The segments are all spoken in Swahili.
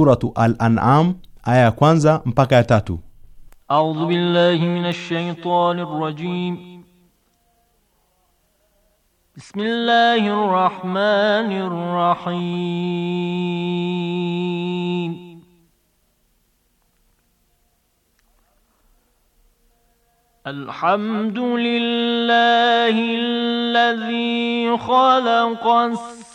suratu Al-An'am aya ya kwanza mpaka ya tatu. A'udhu billahi minash shaitani rrajim. Bismillahir rahmanir rahim. الحمد لله الذي خلق السماوات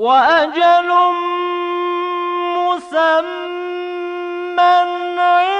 وأجل مسمى عنده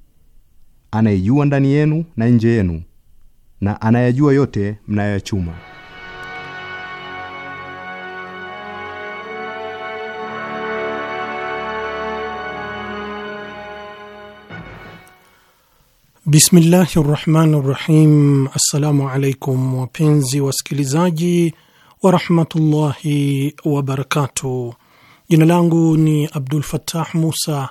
anayejua ndani yenu na nje yenu na anayajua yote mnayoyachuma. Bismillahi rahmani rahim. Assalamu alaikum wapenzi wasikilizaji warahmatullahi wabarakatuh. Jina langu ni Abdul Fattah Musa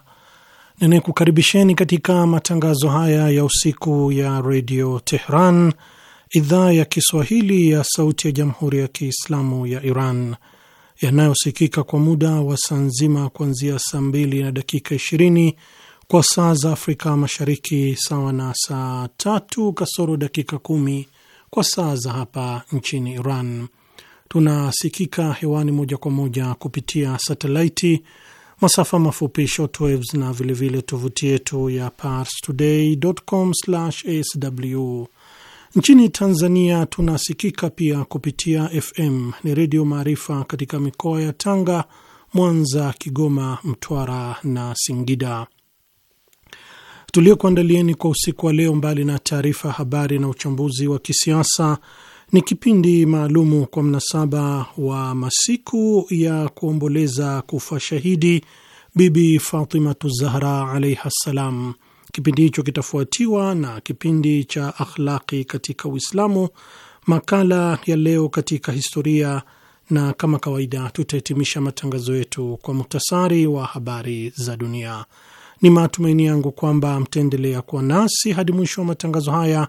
Ninayekukaribisheni katika matangazo haya ya usiku ya redio Tehran, idhaa ya Kiswahili ya sauti ya jamhuri ya Kiislamu ya Iran, yanayosikika kwa muda wa saa nzima kuanzia saa mbili na dakika ishirini kwa saa za Afrika Mashariki, sawa na saa tatu kasoro dakika kumi kwa saa za hapa nchini Iran. Tunasikika hewani moja kwa moja kupitia satelaiti masafa mafupi shortwaves na vilevile tovuti yetu ya parstoday.com/sw. Nchini Tanzania tunasikika pia kupitia FM ni Redio Maarifa katika mikoa ya Tanga, Mwanza, Kigoma, Mtwara na Singida. Tuliokuandalieni kwa usiku wa leo, mbali na taarifa habari na uchambuzi wa kisiasa ni kipindi maalumu kwa mnasaba wa masiku ya kuomboleza kufa shahidi Bibi Fatimatu Zahra alaiha ssalam. Kipindi hicho kitafuatiwa na kipindi cha akhlaqi katika Uislamu, makala ya leo katika historia, na kama kawaida tutahitimisha matangazo yetu kwa muhtasari wa habari za dunia. Ni matumaini yangu kwamba mtaendelea kuwa nasi hadi mwisho wa matangazo haya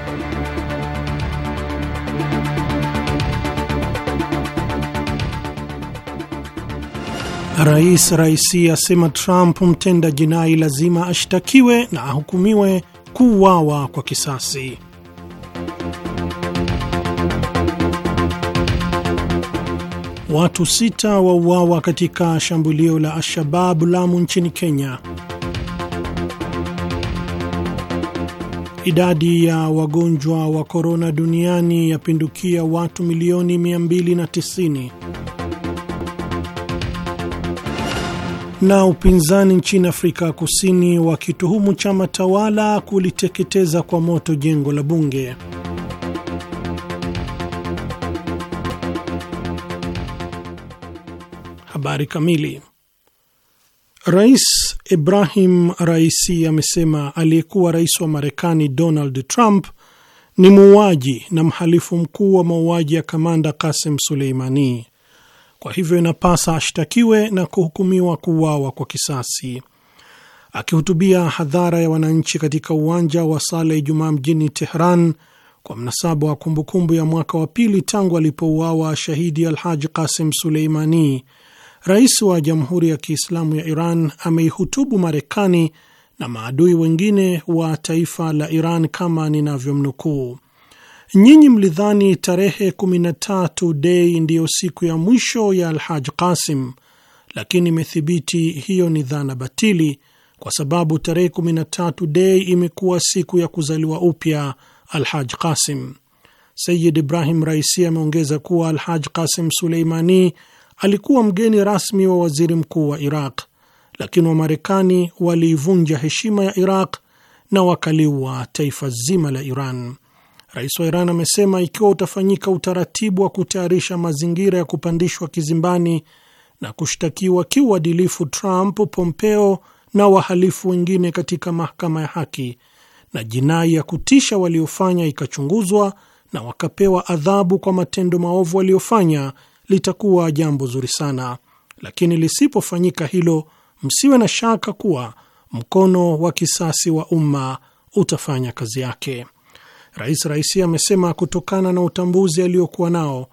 Rais Raisi asema Trump mtenda jinai lazima ashtakiwe na ahukumiwe kuuawa kwa kisasi. Watu sita wauawa katika shambulio la Alshabab Lamu nchini Kenya. Idadi ya wagonjwa wa korona duniani yapindukia watu milioni 290. na upinzani nchini Afrika Kusini wakituhumu chama tawala kuliteketeza kwa moto jengo la bunge. Habari kamili. Rais Ibrahim Raisi amesema aliyekuwa rais wa Marekani Donald Trump ni muuaji na mhalifu mkuu wa mauaji ya kamanda Kasim Suleimani kwa hivyo inapasa ashtakiwe na kuhukumiwa kuuawa kwa kisasi. Akihutubia hadhara ya wananchi katika uwanja wa sala Ijumaa mjini Tehran kwa mnasaba wa kumbukumbu ya mwaka wa pili tangu alipouawa shahidi Alhaji Qasim Suleimani, rais wa Jamhuri ya Kiislamu ya Iran ameihutubu Marekani na maadui wengine wa taifa la Iran kama ninavyomnukuu: Nyinyi mlidhani tarehe 13 Dei ndiyo siku ya mwisho ya Alhaj Qasim, lakini imethibiti hiyo ni dhana batili, kwa sababu tarehe 13 Dei imekuwa siku ya kuzaliwa upya Alhaj Qasim. Sayid Ibrahim Raisi ameongeza kuwa Alhaj Qasim Suleimani alikuwa mgeni rasmi wa waziri mkuu wa Iraq, lakini Wamarekani waliivunja heshima ya Iraq na wakaliua taifa zima la Iran. Rais wa Iran amesema ikiwa utafanyika utaratibu wa kutayarisha mazingira ya kupandishwa kizimbani na kushtakiwa kiuadilifu Trump, Pompeo na wahalifu wengine katika mahakama ya haki na jinai ya kutisha waliofanya ikachunguzwa na wakapewa adhabu kwa matendo maovu waliofanya, litakuwa jambo zuri sana, lakini lisipofanyika hilo, msiwe na shaka kuwa mkono wa kisasi wa umma utafanya kazi yake. Rais Raisi amesema kutokana na utambuzi aliokuwa nao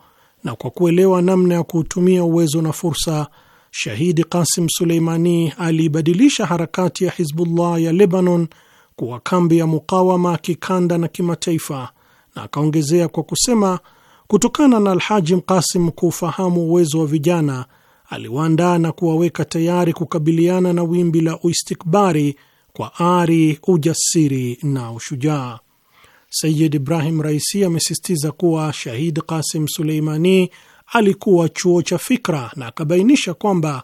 na kwa kuelewa namna ya kuutumia uwezo na fursa, shahidi Qasim Suleimani aliibadilisha harakati ya Hizbullah ya Lebanon kuwa kambi ya mukawama kikanda na kimataifa, na akaongezea kwa kusema kutokana na Alhaji Mkasim kuufahamu uwezo wa vijana aliwaandaa na kuwaweka tayari kukabiliana na wimbi la uistikbari kwa ari, ujasiri na ushujaa. Sayid Ibrahim Raisi amesisitiza kuwa Shahid Qasim Suleimani alikuwa chuo cha fikra na akabainisha kwamba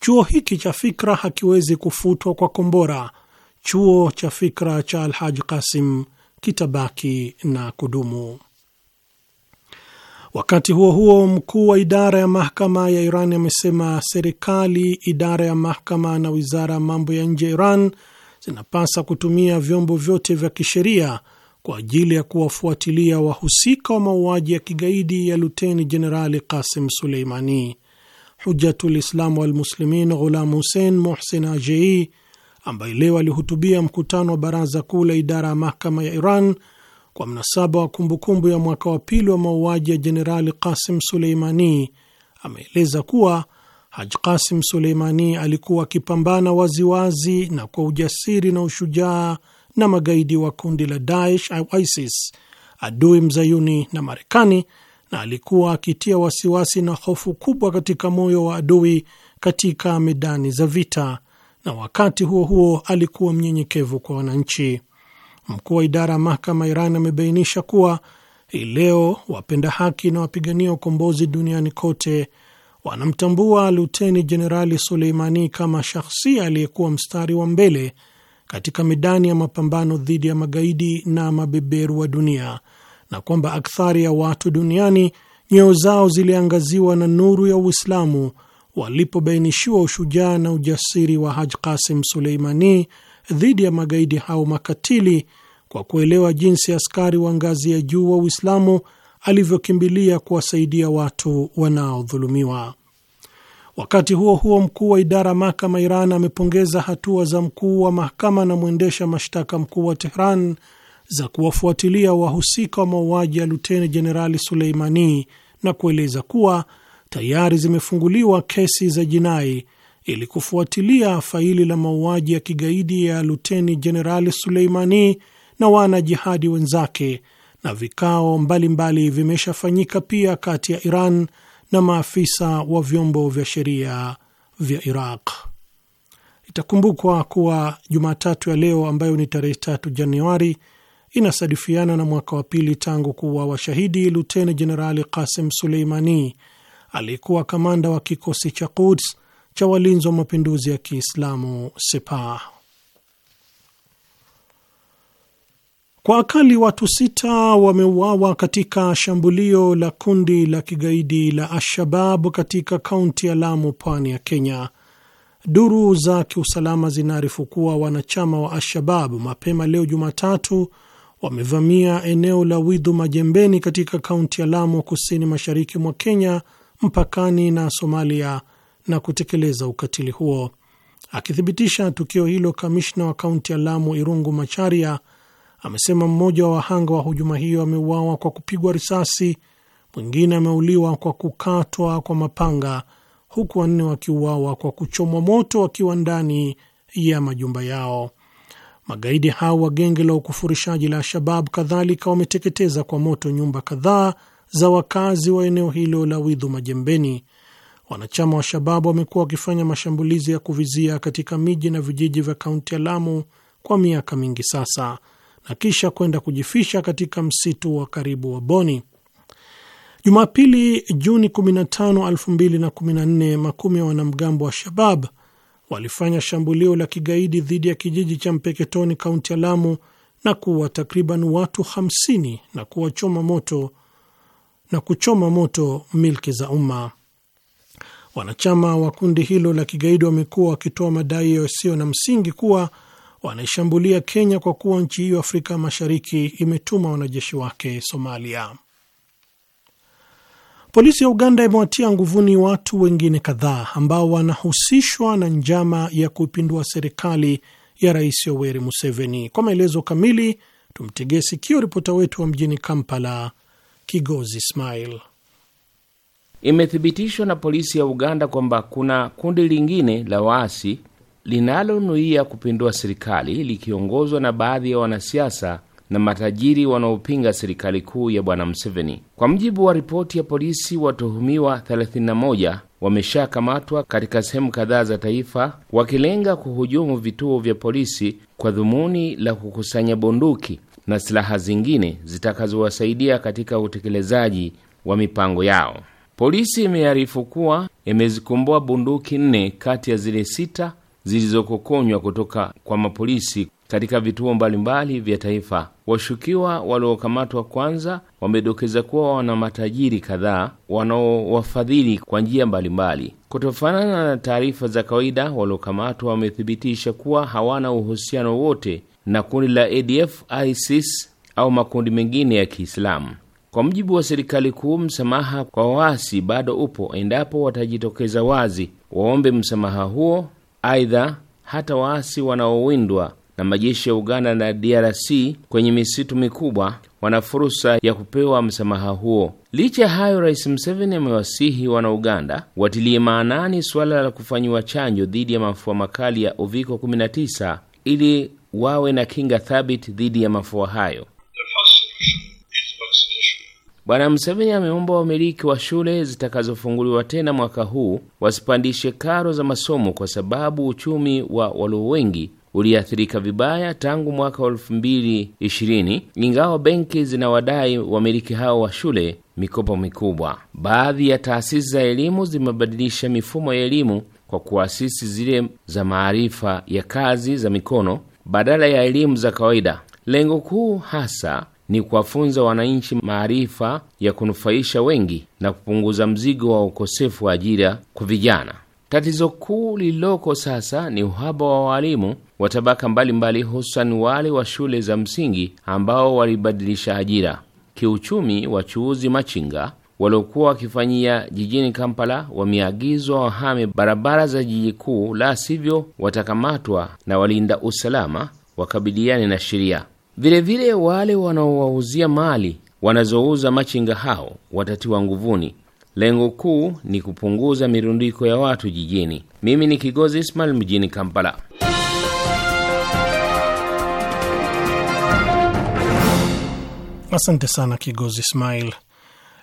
chuo hiki cha fikra hakiwezi kufutwa kwa kombora. Chuo cha fikra cha Alhaj Qasim kitabaki na kudumu. Wakati huo huo, mkuu wa idara ya mahakama ya Iran amesema serikali, idara ya mahakama na wizara ya mambo ya nje ya Iran zinapasa kutumia vyombo vyote vya kisheria kwa ajili ya kuwafuatilia wahusika wa mauaji ya kigaidi ya Luteni Jenerali Qasim Suleimani. Hujatul Islam Walmuslimin Ghulam Hussein muhsin Ajei, ambaye leo alihutubia mkutano wa baraza kuu la idara ya mahkama ya Iran kwa mnasaba wa kumbukumbu ya mwaka wa pili wa mauaji ya Jenerali Qasim Suleimani, ameeleza kuwa Haj Qasim Suleimani alikuwa akipambana waziwazi na kwa ujasiri na ushujaa na magaidi wa kundi la Daesh au ISIS, adui mzayuni na Marekani, na alikuwa akitia wasiwasi na hofu kubwa katika moyo wa adui katika medani za vita, na wakati huo huo alikuwa mnyenyekevu kwa wananchi. Mkuu wa idara ya mahakama Iran amebainisha kuwa hii leo wapenda haki na wapigania ukombozi duniani kote wanamtambua Luteni Jenerali Suleimani kama shahsia aliyekuwa mstari wa mbele katika medani ya mapambano dhidi ya magaidi na mabeberu wa dunia na kwamba akthari ya watu duniani nyoyo zao ziliangaziwa na nuru ya Uislamu walipobainishiwa ushujaa na ujasiri wa Haj Qasim Suleimani dhidi ya magaidi hao makatili, kwa kuelewa jinsi askari wa ngazi ya juu wa Uislamu alivyokimbilia kuwasaidia watu wanaodhulumiwa. Wakati huo huo, mkuu wa idara ya mahakama Iran amepongeza hatua za mkuu wa mahakama na mwendesha mashtaka mkuu wa Tehran za kuwafuatilia wahusika wa mauaji ya luteni jenerali Suleimani na kueleza kuwa tayari zimefunguliwa kesi za jinai ili kufuatilia faili la mauaji ya kigaidi ya luteni jenerali Suleimani na wanajihadi wenzake, na vikao mbalimbali vimeshafanyika pia kati ya Iran na maafisa wa vyombo vya sheria vya Iraq. Itakumbukwa kuwa Jumatatu ya leo ambayo ni tarehe tatu Januari inasadifiana na mwaka wa pili tangu kuwa washahidi Luteni Jenerali Qasim Suleimani aliyekuwa kamanda wa kikosi cha Quds cha walinzi wa mapinduzi ya Kiislamu Sepah. Kwa akali watu sita wameuawa katika shambulio la kundi la kigaidi la al-shabab katika kaunti ya Lamu, pwani ya Kenya. Duru za kiusalama zinaarifu kuwa wanachama wa Alshabab mapema leo Jumatatu wamevamia eneo la Widhu Majembeni katika kaunti ya Lamu, kusini mashariki mwa Kenya, mpakani na Somalia, na kutekeleza ukatili huo. Akithibitisha tukio hilo, kamishna wa kaunti ya Lamu Irungu Macharia amesema mmoja wa wahanga wa hujuma hiyo ameuawa kwa kupigwa risasi, mwingine ameuliwa kwa kukatwa kwa mapanga, huku wanne wakiuawa kwa kuchomwa moto wakiwa ndani ya majumba yao. Magaidi hao wa genge la ukufurishaji la shabab kadhalika wameteketeza kwa moto nyumba kadhaa za wakazi wa eneo hilo la Widhu majembeni Wanachama wa Shababu wamekuwa wakifanya mashambulizi ya kuvizia katika miji na vijiji vya kaunti ya Lamu kwa miaka mingi sasa, na kisha kwenda kujificha katika msitu wa karibu wa Boni. Jumapili, Juni 15, 2014, makumi ya wanamgambo wa Shabab walifanya shambulio la kigaidi dhidi ya kijiji cha Mpeketoni, kaunti ya Lamu na kuwa takriban watu 50 na kuwachoma moto na kuchoma moto milki za umma. Wanachama wa kundi hilo la kigaidi wamekuwa wakitoa madai yasiyo na msingi kuwa wanaishambulia Kenya kwa kuwa nchi hiyo Afrika Mashariki imetuma wanajeshi wake Somalia. Polisi ya Uganda imewatia nguvuni watu wengine kadhaa ambao wanahusishwa na njama ya kuipindua serikali ya Rais Yoweri Museveni. Kwa maelezo kamili, tumtegee sikio ripota wetu wa mjini Kampala, Kigozi Ismail. Imethibitishwa na polisi ya Uganda kwamba kuna kundi lingine la waasi linalonuia kupindua serikali likiongozwa na baadhi ya wanasiasa na matajiri wanaopinga serikali kuu ya bwana mseveni Kwa mjibu wa ripoti ya polisi, watuhumiwa 31 wameshakamatwa katika sehemu kadhaa za taifa wakilenga kuhujumu vituo vya polisi kwa dhumuni la kukusanya bunduki na silaha zingine zitakazowasaidia katika utekelezaji wa mipango yao. Polisi imearifu kuwa imezikomboa bunduki nne kati ya zile sita zilizokokonywa kutoka kwa mapolisi katika vituo mbalimbali vya taifa. Washukiwa waliokamatwa kwanza wamedokeza kuwa wana matajiri kadhaa wanaowafadhili kwa njia mbalimbali. Kutofanana na taarifa za kawaida, waliokamatwa wamethibitisha kuwa hawana uhusiano wote na kundi la ADF, ISIS au makundi mengine ya Kiislamu. Kwa mujibu wa serikali kuu, msamaha kwa waasi bado upo endapo watajitokeza wazi waombe msamaha huo Aidha, hata waasi wanaowindwa na majeshi ya Uganda na DRC kwenye misitu mikubwa wana fursa ya kupewa msamaha huo. Licha ya hayo, Rais Museveni amewasihi wana Uganda watilie maanani suala la kufanyiwa chanjo dhidi ya mafua makali ya Uviko 19 ili wawe na kinga thabiti dhidi ya mafua hayo. Bwana Museveni ameomba wamiliki wa shule zitakazofunguliwa tena mwaka huu wasipandishe karo za masomo kwa sababu uchumi wa walio wengi uliathirika vibaya tangu mwaka wa elfu mbili ishirini ingawa benki zinawadai wamiliki hao wa shule mikopo mikubwa. Baadhi ya taasisi za elimu zimebadilisha mifumo ya elimu kwa kuasisi zile za maarifa ya kazi za mikono badala ya elimu za kawaida. Lengo kuu hasa ni kuwafunza wananchi maarifa ya kunufaisha wengi na kupunguza mzigo wa ukosefu wa ajira kwa vijana. Tatizo kuu lililoko sasa ni uhaba wa walimu wa tabaka mbalimbali, hususan wale wa shule za msingi ambao walibadilisha ajira. Kiuchumi, wachuuzi machinga waliokuwa wakifanyia jijini Kampala wameagizwa wahame barabara za jiji kuu, la sivyo watakamatwa na walinda usalama wakabiliane na sheria. Vilevile vile wale wanaowauzia mali wanazouza machinga hao watatiwa nguvuni. Lengo kuu ni kupunguza mirundiko ya watu jijini. Mimi ni Kigozi Ismail mjini Kampala. Asante sana Kigozi Ismail.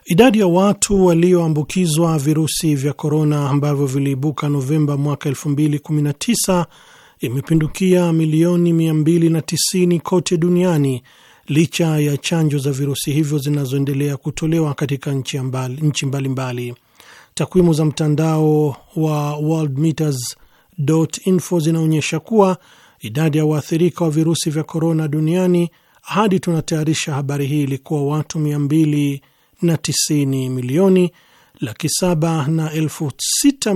Idadi ya watu walioambukizwa virusi vya korona ambavyo viliibuka Novemba mwaka 2019 imepindukia milioni 290 kote duniani licha ya chanjo za virusi hivyo zinazoendelea kutolewa katika nchi mbalimbali mbali. Takwimu za mtandao wa worldmeters.info zinaonyesha kuwa idadi ya waathirika wa virusi vya korona duniani hadi tunatayarisha habari hii ilikuwa watu 290 milioni laki 7 na elfu sita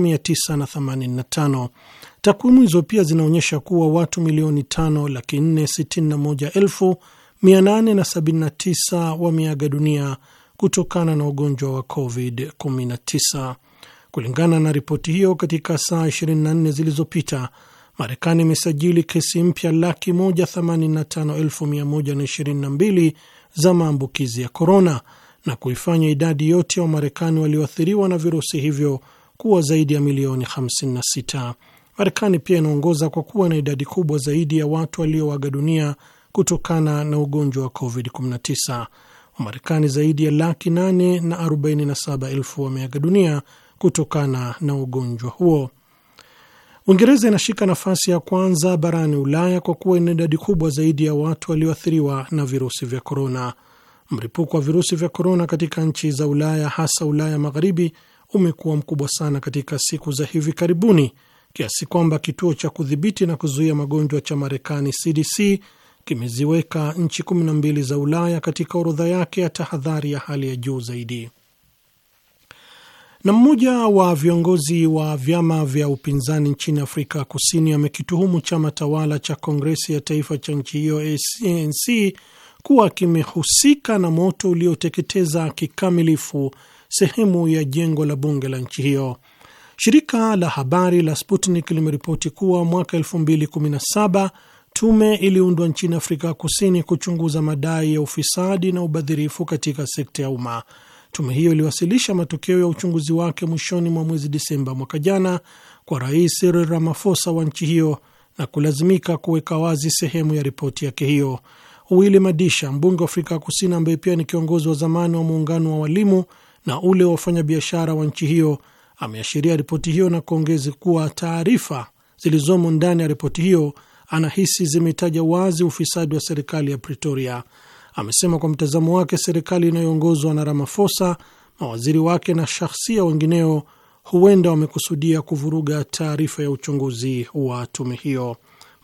Takwimu hizo pia zinaonyesha kuwa watu milioni 5,461,879 wameaga dunia kutokana na ugonjwa wa COVID-19. Kulingana na ripoti hiyo, katika saa 24 zilizopita Marekani imesajili kesi mpya laki 185,122 za maambukizi ya korona na kuifanya idadi yote ya Wamarekani walioathiriwa na virusi hivyo kuwa zaidi ya milioni 56. Marekani pia inaongoza kwa kuwa na idadi kubwa zaidi ya watu walioaga dunia kutokana na ugonjwa wa COVID-19. Wamarekani zaidi ya laki 8 na 47 na elfu wameaga dunia kutokana na ugonjwa huo. Uingereza inashika nafasi ya kwanza barani Ulaya kwa kuwa ina idadi kubwa zaidi ya watu walioathiriwa na virusi vya korona. Mlipuko wa virusi vya korona katika nchi za Ulaya, hasa Ulaya Magharibi, umekuwa mkubwa sana katika siku za hivi karibuni kiasi kwamba kituo cha kudhibiti na kuzuia magonjwa cha Marekani CDC kimeziweka nchi 12 za Ulaya katika orodha yake ya tahadhari ya hali ya juu zaidi. Na mmoja wa viongozi wa vyama vya upinzani nchini Afrika Kusini amekituhumu chama tawala cha Kongresi ya Taifa cha nchi hiyo ANC kuwa kimehusika na moto ulioteketeza kikamilifu sehemu ya jengo la bunge la nchi hiyo. Shirika la habari la Sputnik limeripoti kuwa mwaka 2017 tume iliundwa nchini Afrika Kusini kuchunguza madai ya ufisadi na ubadhirifu katika sekta ya umma. Tume hiyo iliwasilisha matokeo ya uchunguzi wake mwishoni mwa mwezi Disemba mwaka jana kwa Rais Cyril Ramaphosa wa nchi hiyo na kulazimika kuweka wazi sehemu ya ripoti yake hiyo. willi Madisha, mbunge wa Afrika Kusini ambaye pia ni kiongozi wa zamani wa muungano wa walimu na ule wa wafanyabiashara wa nchi hiyo, Ameashiria ripoti hiyo na kuongeza kuwa taarifa zilizomo ndani ya ripoti hiyo anahisi zimetaja wazi ufisadi wa serikali ya Pretoria. Amesema kwa mtazamo wake, serikali inayoongozwa na Ramaphosa, mawaziri wake na shahsia wengineo huenda wamekusudia kuvuruga taarifa ya uchunguzi wa tume hiyo.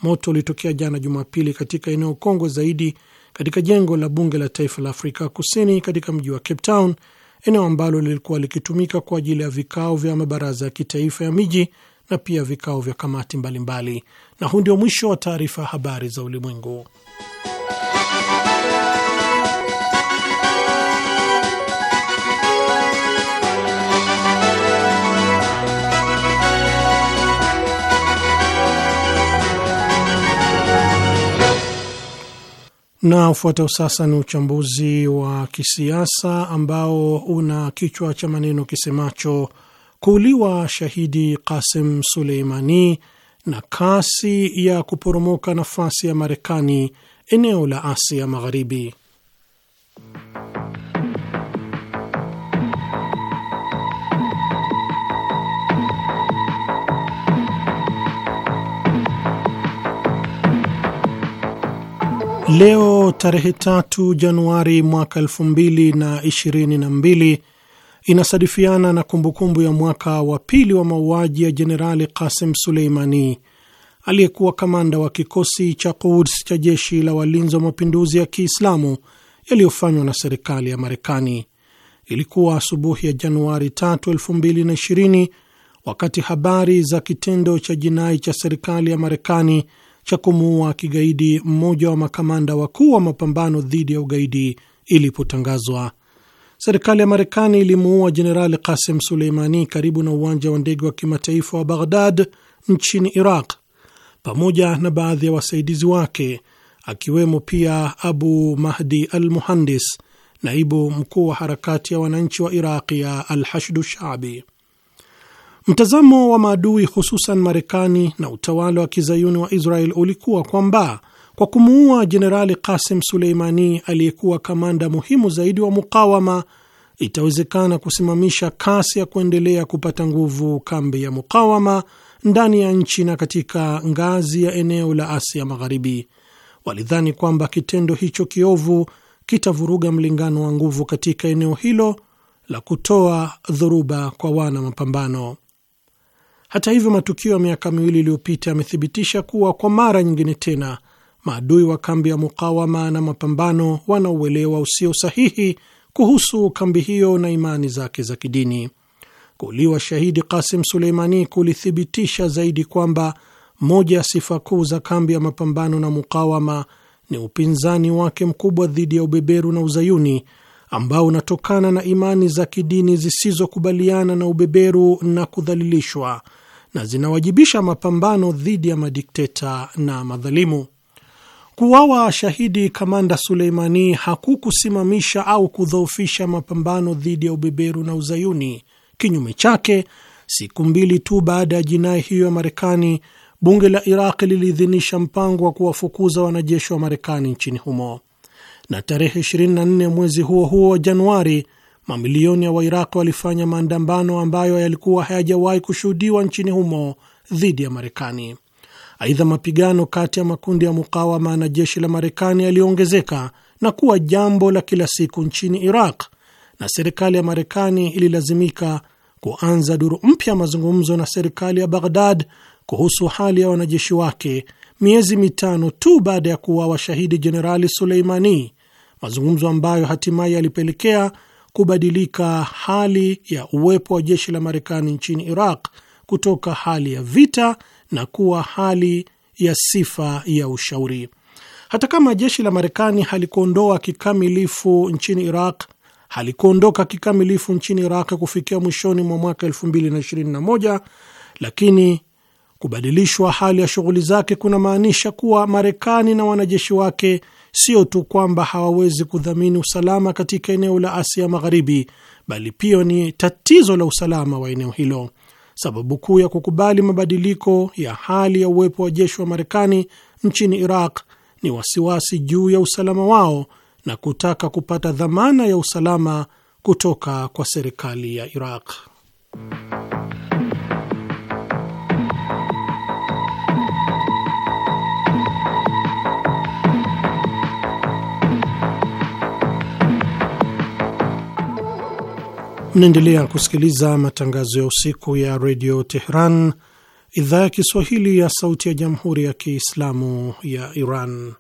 Moto ulitokea jana Jumapili katika eneo kongwe zaidi katika jengo la bunge la taifa la Afrika Kusini katika mji wa Cape Town eneo ambalo lilikuwa likitumika kwa ajili ya vikao vya mabaraza ya kitaifa ya miji na pia vikao vya kamati mbalimbali. Na huu ndio mwisho wa taarifa ya habari za ulimwengu. Na ufuatao sasa ni uchambuzi wa kisiasa ambao una kichwa cha maneno kisemacho kuuliwa shahidi Qasim Suleimani na kasi ya kuporomoka nafasi ya Marekani eneo la Asia Magharibi. Leo tarehe tatu Januari mwaka elfu mbili na ishirini na mbili inasadifiana na kumbukumbu ya mwaka wa pili wa mauaji ya Jenerali Qasim Suleimani aliyekuwa kamanda wa kikosi cha Quds cha jeshi la walinzi wa mapinduzi ya Kiislamu yaliyofanywa na serikali ya Marekani. Ilikuwa asubuhi ya Januari 3, 2020 wakati habari za kitendo cha jinai cha serikali ya Marekani cha kumuua kigaidi mmoja wa makamanda wakuu wa mapambano dhidi ya ugaidi ilipotangazwa. Serikali ya Marekani ilimuua Jenerali Qasim Suleimani karibu na uwanja wa ndege wa kimataifa wa Baghdad nchini Iraq, pamoja na baadhi ya wasaidizi wake akiwemo pia Abu Mahdi al Muhandis, naibu mkuu wa harakati ya wananchi wa Iraq ya Alhashdu Shabi. Mtazamo wa maadui hususan Marekani na utawala wa kizayuni wa Israel ulikuwa kwamba kwa kumuua Jenerali Qasim Suleimani aliyekuwa kamanda muhimu zaidi wa mukawama, itawezekana kusimamisha kasi ya kuendelea kupata nguvu kambi ya mukawama ndani ya nchi na katika ngazi ya eneo la Asia Magharibi. Walidhani kwamba kitendo hicho kiovu kitavuruga mlingano wa nguvu katika eneo hilo la kutoa dhoruba kwa wana mapambano. Hata hivyo, matukio ya miaka miwili iliyopita yamethibitisha kuwa kwa mara nyingine tena maadui wa kambi ya mukawama na mapambano wana uelewa usio sahihi kuhusu kambi hiyo na imani zake za kidini. Kuuliwa shahidi Kasim Suleimani kulithibitisha zaidi kwamba moja ya sifa kuu za kambi ya mapambano na mukawama ni upinzani wake mkubwa dhidi ya ubeberu na uzayuni ambao unatokana na imani za kidini zisizokubaliana na ubeberu na kudhalilishwa na zinawajibisha mapambano dhidi ya madikteta na madhalimu. Kuwawa shahidi kamanda Suleimani hakukusimamisha au kudhoofisha mapambano dhidi ya ubeberu na uzayuni. Kinyume chake, siku mbili tu baada ya jinai hiyo ya Marekani, bunge la Iraq liliidhinisha mpango wa kuwafukuza wanajeshi wa Marekani nchini humo, na tarehe 24 mwezi huo huo wa Januari mamilioni ya wairaq walifanya maandamano ambayo yalikuwa hayajawahi kushuhudiwa nchini humo dhidi ya Marekani. Aidha, mapigano kati ya makundi ya mukawama na jeshi la Marekani yaliyoongezeka na kuwa jambo la kila siku nchini Iraq, na serikali ya Marekani ililazimika kuanza duru mpya mazungumzo na serikali ya Baghdad kuhusu hali ya wanajeshi wake, miezi mitano tu baada ya kuwa washahidi Jenerali Suleimani, mazungumzo ambayo hatimaye yalipelekea kubadilika hali ya uwepo wa jeshi la Marekani nchini Iraq kutoka hali ya vita na kuwa hali ya sifa ya ushauri. Hata kama jeshi la Marekani halikuondoa kikamilifu nchini Iraq halikuondoka kikamilifu nchini Iraq kufikia mwishoni mwa mwaka 2021 lakini kubadilishwa hali ya shughuli zake kuna maanisha kuwa Marekani na wanajeshi wake sio tu kwamba hawawezi kudhamini usalama katika eneo la Asia Magharibi, bali pia ni tatizo la usalama wa eneo hilo. Sababu kuu ya kukubali mabadiliko ya hali ya uwepo wa jeshi wa Marekani nchini Iraq ni wasiwasi juu ya usalama wao na kutaka kupata dhamana ya usalama kutoka kwa serikali ya Iraq. Mnaendelea kusikiliza matangazo ya usiku ya redio Tehran, idhaa ya Kiswahili ya sauti ya jamhuri ya Kiislamu ya Iran.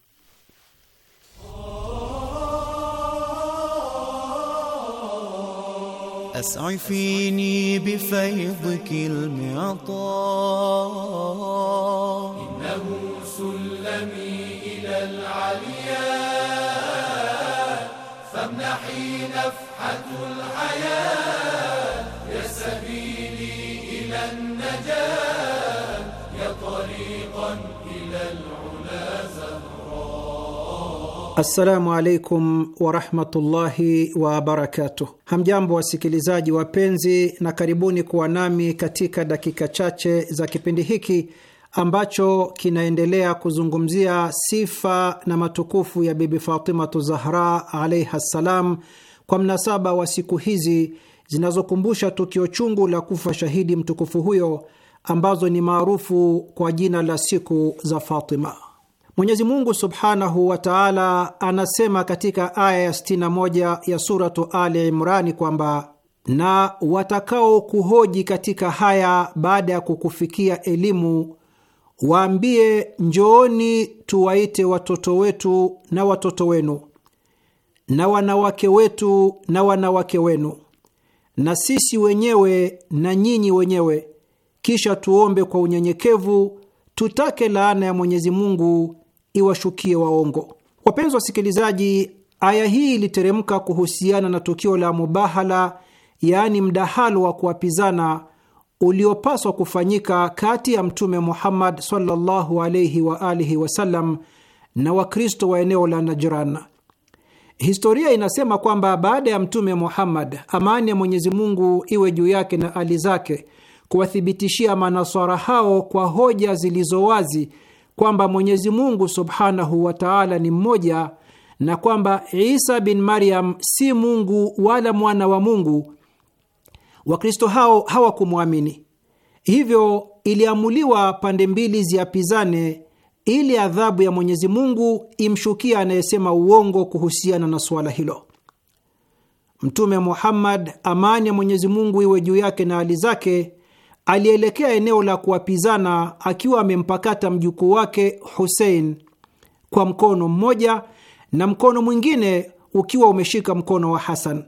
sulami ila al وامنحي نفحة الحياة يا سبيلي إلى النجاة يا طريقا إلى العلا زهراء Assalamu alaikum warahmatullahi wabarakatuh. Hamjambo wasikilizaji wapenzi, na karibuni kuwa nami katika dakika chache za kipindi hiki ambacho kinaendelea kuzungumzia sifa na matukufu ya Bibi Fatimatu Zahra alaiha ssalam kwa mnasaba wa siku hizi zinazokumbusha tukio chungu la kufa shahidi mtukufu huyo ambazo ni maarufu kwa jina la siku za Fatima. Mwenyezi Mungu subhanahu wa taala anasema katika aya ya 61 ya Suratu Ali Imrani kwamba na watakaokuhoji katika haya baada ya kukufikia elimu Waambie, njooni tuwaite watoto wetu na watoto wenu na wanawake wetu na wanawake wenu na sisi wenyewe na nyinyi wenyewe, kisha tuombe kwa unyenyekevu, tutake laana ya Mwenyezi Mungu iwashukie waongo. Wapenzi wasikilizaji, aya hii iliteremka kuhusiana na tukio la mubahala, yaani mdahalo wa kuapizana uliopaswa kufanyika kati ya Mtume Muhammad sallallahu wa alihi wasallam na Wakristo wa eneo la Najran. Historia inasema kwamba baada ya Mtume Muhammad, amani ya Mwenyezi Mungu iwe juu yake na ali zake, kuwathibitishia manaswara hao kwa hoja zilizo wazi kwamba Mwenyezi Mungu subhanahu wa taala ni mmoja na kwamba Isa bin Maryam si Mungu wala mwana wa Mungu Wakristo hao hawakumwamini, hivyo iliamuliwa pande mbili ziapizane ili adhabu ya Mwenyezi Mungu imshukia anayesema uongo kuhusiana na suala hilo. Mtume Muhammad, amani ya Mwenyezi Mungu iwe juu yake na hali zake, alielekea eneo la kuwapizana akiwa amempakata mjukuu wake Husein kwa mkono mmoja na mkono mwingine ukiwa umeshika mkono wa Hasan.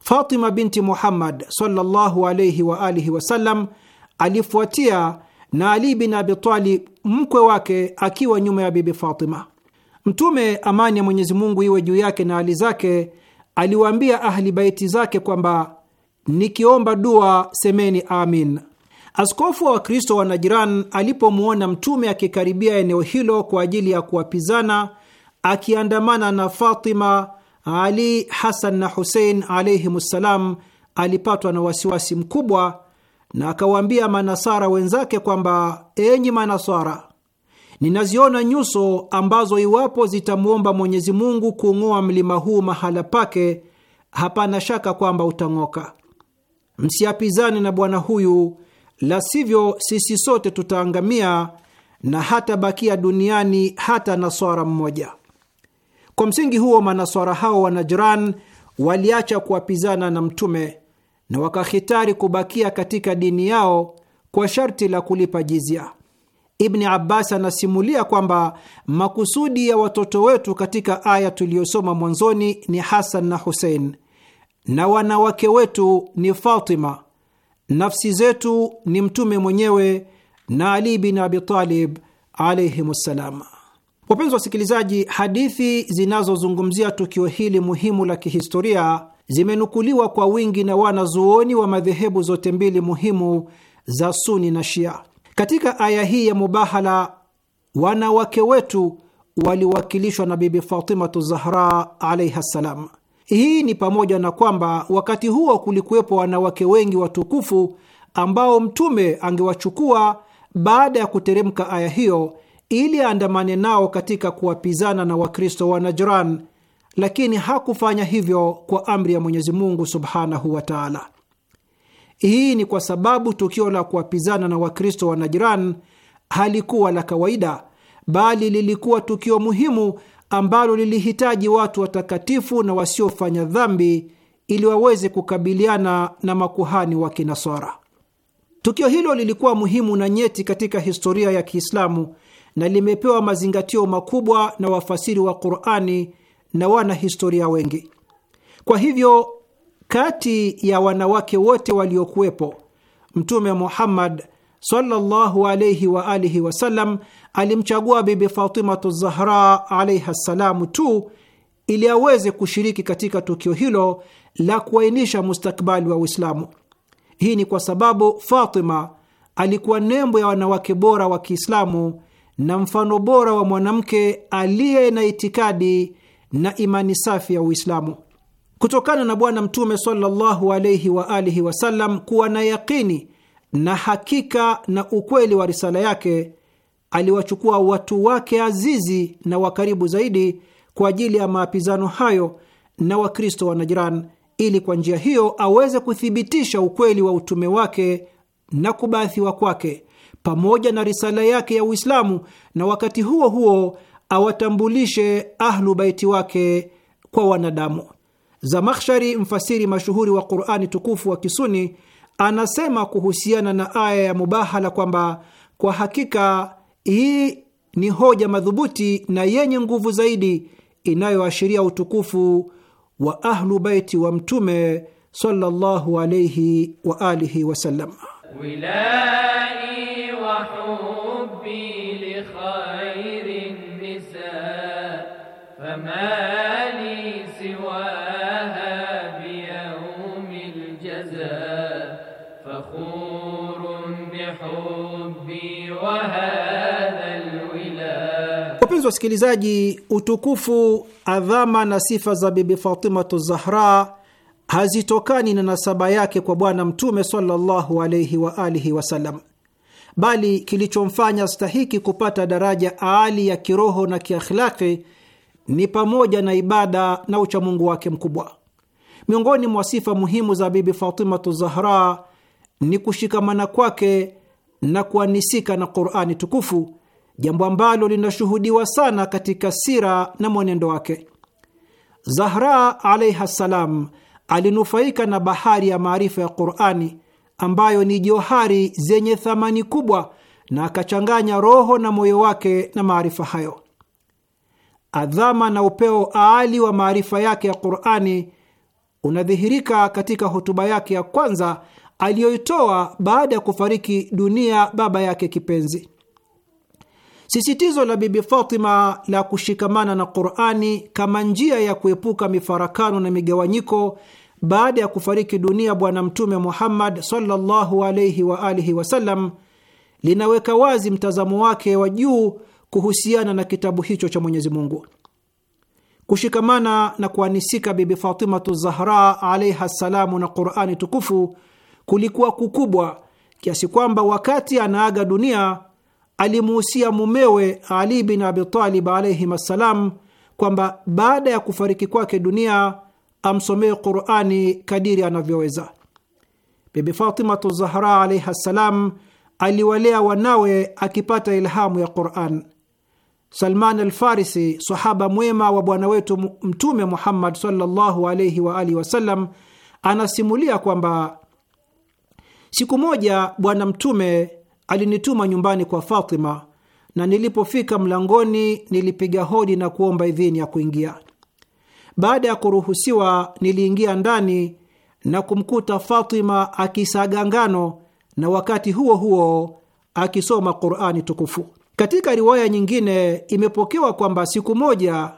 Fatima binti Muhammad sallallahu alayhi wa alihi wasallam alifuatia na Ali bin Abi Talib mkwe wake akiwa nyuma ya Bibi Fatima. Mtume, amani ya Mwenyezi Mungu iwe juu yake na hali zake, aliwaambia ahli baiti zake kwamba nikiomba dua semeni amin. Askofu wa Wakristo wa Najiran alipomwona Mtume akikaribia eneo hilo kwa ajili ya kuwapizana akiandamana na Fatima ali Hasan na Husein ssalam alipatwa na wasiwasi mkubwa na akawaambia manasara wenzake kwamba enyi manasara, ninaziona nyuso ambazo iwapo zitamwomba Mwenyezi Mungu kung'oa mlima huu mahala pake, hapana shaka kwamba utang'oka. Msiapizane na bwana huyu, la sivyo sisi sote tutaangamia na hata bakia duniani hata swara mmoja. Kwa msingi huo, manaswara hao wa Najran waliacha kuwapizana na Mtume na wakahitari kubakia katika dini yao kwa sharti la kulipa jizia. Ibni Abbas anasimulia kwamba makusudi ya watoto wetu katika aya tuliyosoma mwanzoni ni Hasan na Husein, na wanawake wetu ni Fatima, nafsi zetu ni Mtume mwenyewe na Ali bin Abi Talib Wapenzi wasikilizaji, hadithi zinazozungumzia tukio hili muhimu la kihistoria zimenukuliwa kwa wingi na wanazuoni wa madhehebu zote mbili muhimu za Suni na Shia. Katika aya hii ya mubahala, wanawake wetu waliwakilishwa na Bibi Fatimatu Zahra alaiha ssalam. Hii ni pamoja na kwamba wakati huo kulikuwepo wanawake wengi watukufu ambao Mtume angewachukua baada ya kuteremka aya hiyo ili aandamane nao katika kuwapizana na Wakristo wa Najran, lakini hakufanya hivyo kwa amri ya Mwenyezi Mungu subhanahu wa taala. Hii ni kwa sababu tukio la kuwapizana na Wakristo wa Najran halikuwa la kawaida, bali lilikuwa tukio muhimu ambalo lilihitaji watu watakatifu na wasiofanya dhambi ili waweze kukabiliana na makuhani wa Kinasara. Tukio hilo lilikuwa muhimu na nyeti katika historia ya Kiislamu na limepewa mazingatio makubwa na wafasiri wa Qurani na wanahistoria wengi. Kwa hivyo, kati ya wanawake wote waliokuwepo, Mtume Muhammad sallallahu alayhi wa alihi wasallam alimchagua Bibi Fatimatu Zahra alaiha ssalamu tu ili aweze kushiriki katika tukio hilo la kuainisha mustakbali wa Uislamu. Hii ni kwa sababu Fatima alikuwa nembo ya wanawake bora wa Kiislamu na mfano bora wa mwanamke aliye na itikadi na imani safi ya Uislamu. Kutokana na Bwana Mtume sallallahu alaihi wa alihi wasallam kuwa na yakini na hakika na ukweli wa risala yake, aliwachukua watu wake azizi na wa karibu zaidi kwa ajili ya maapizano hayo na Wakristo wa Najran ili kwa njia hiyo aweze kuthibitisha ukweli wa utume wake na kubaathiwa kwake pamoja na risala yake ya Uislamu, na wakati huo huo awatambulishe Ahlu Baiti wake kwa wanadamu. Zamakhshari, mfasiri mashuhuri wa Qurani tukufu wa Kisuni, anasema kuhusiana na aya ya mubahala kwamba kwa hakika hii ni hoja madhubuti na yenye nguvu zaidi inayoashiria utukufu wa Ahlu Baiti wa Mtume sallallahu alayhi wa alihi wasallam. Wapenzi wasikilizaji, utukufu, adhama na sifa za Bibi Fatimatu Zahra hazitokani na nasaba yake kwa Bwana Mtume sallallahu alaihi wa alihi wasallam, bali kilichomfanya stahiki kupata daraja aali ya kiroho na kiakhlaki ni pamoja na ibada na uchamungu wake mkubwa. Miongoni mwa sifa muhimu za Bibi Fatimatu Zahra ni kushikamana kwake na kuanisika na Qurani tukufu jambo ambalo linashuhudiwa sana katika sira na mwenendo wake. Zahra alaiha ssalam alinufaika na bahari ya maarifa ya Qurani ambayo ni johari zenye thamani kubwa, na akachanganya roho na moyo wake na maarifa hayo. Adhama na upeo aali wa maarifa yake ya Qurani unadhihirika katika hotuba yake ya kwanza aliyoitoa baada ya kufariki dunia baba yake kipenzi. Sisitizo la Bibi Fatima la kushikamana na Qurani kama njia ya kuepuka mifarakano na migawanyiko baada ya kufariki dunia Bwana Mtume Muhammad sallallahu alaihi wa alihi wasallam linaweka wazi mtazamo wake wa juu kuhusiana na kitabu hicho cha Mwenyezi Mungu. Kushikamana na kuanisika Bibi Fatimatu Zahra alaiha ssalamu na Qurani tukufu kulikuwa kukubwa kiasi kwamba wakati anaaga dunia alimuhusia mumewe Ali bin abitalib Talib alaihim assalam kwamba baada ya kufariki kwake dunia amsomee Qurani kadiri anavyoweza. Bibi Fatimatu Zahra alaihi ssalam aliwalea wanawe akipata ilhamu ya Quran. Salman Alfarisi, sahaba mwema wa bwana wetu Mtume Muhammad sallallahu alaihi wa alihi wasallam, anasimulia kwamba siku moja Bwana Mtume alinituma nyumbani kwa Fatima, na nilipofika mlangoni nilipiga hodi na kuomba idhini ya kuingia. Baada ya kuruhusiwa, niliingia ndani na kumkuta Fatima akisaga ngano na wakati huo huo akisoma Qur'ani tukufu. Katika riwaya nyingine imepokewa kwamba siku moja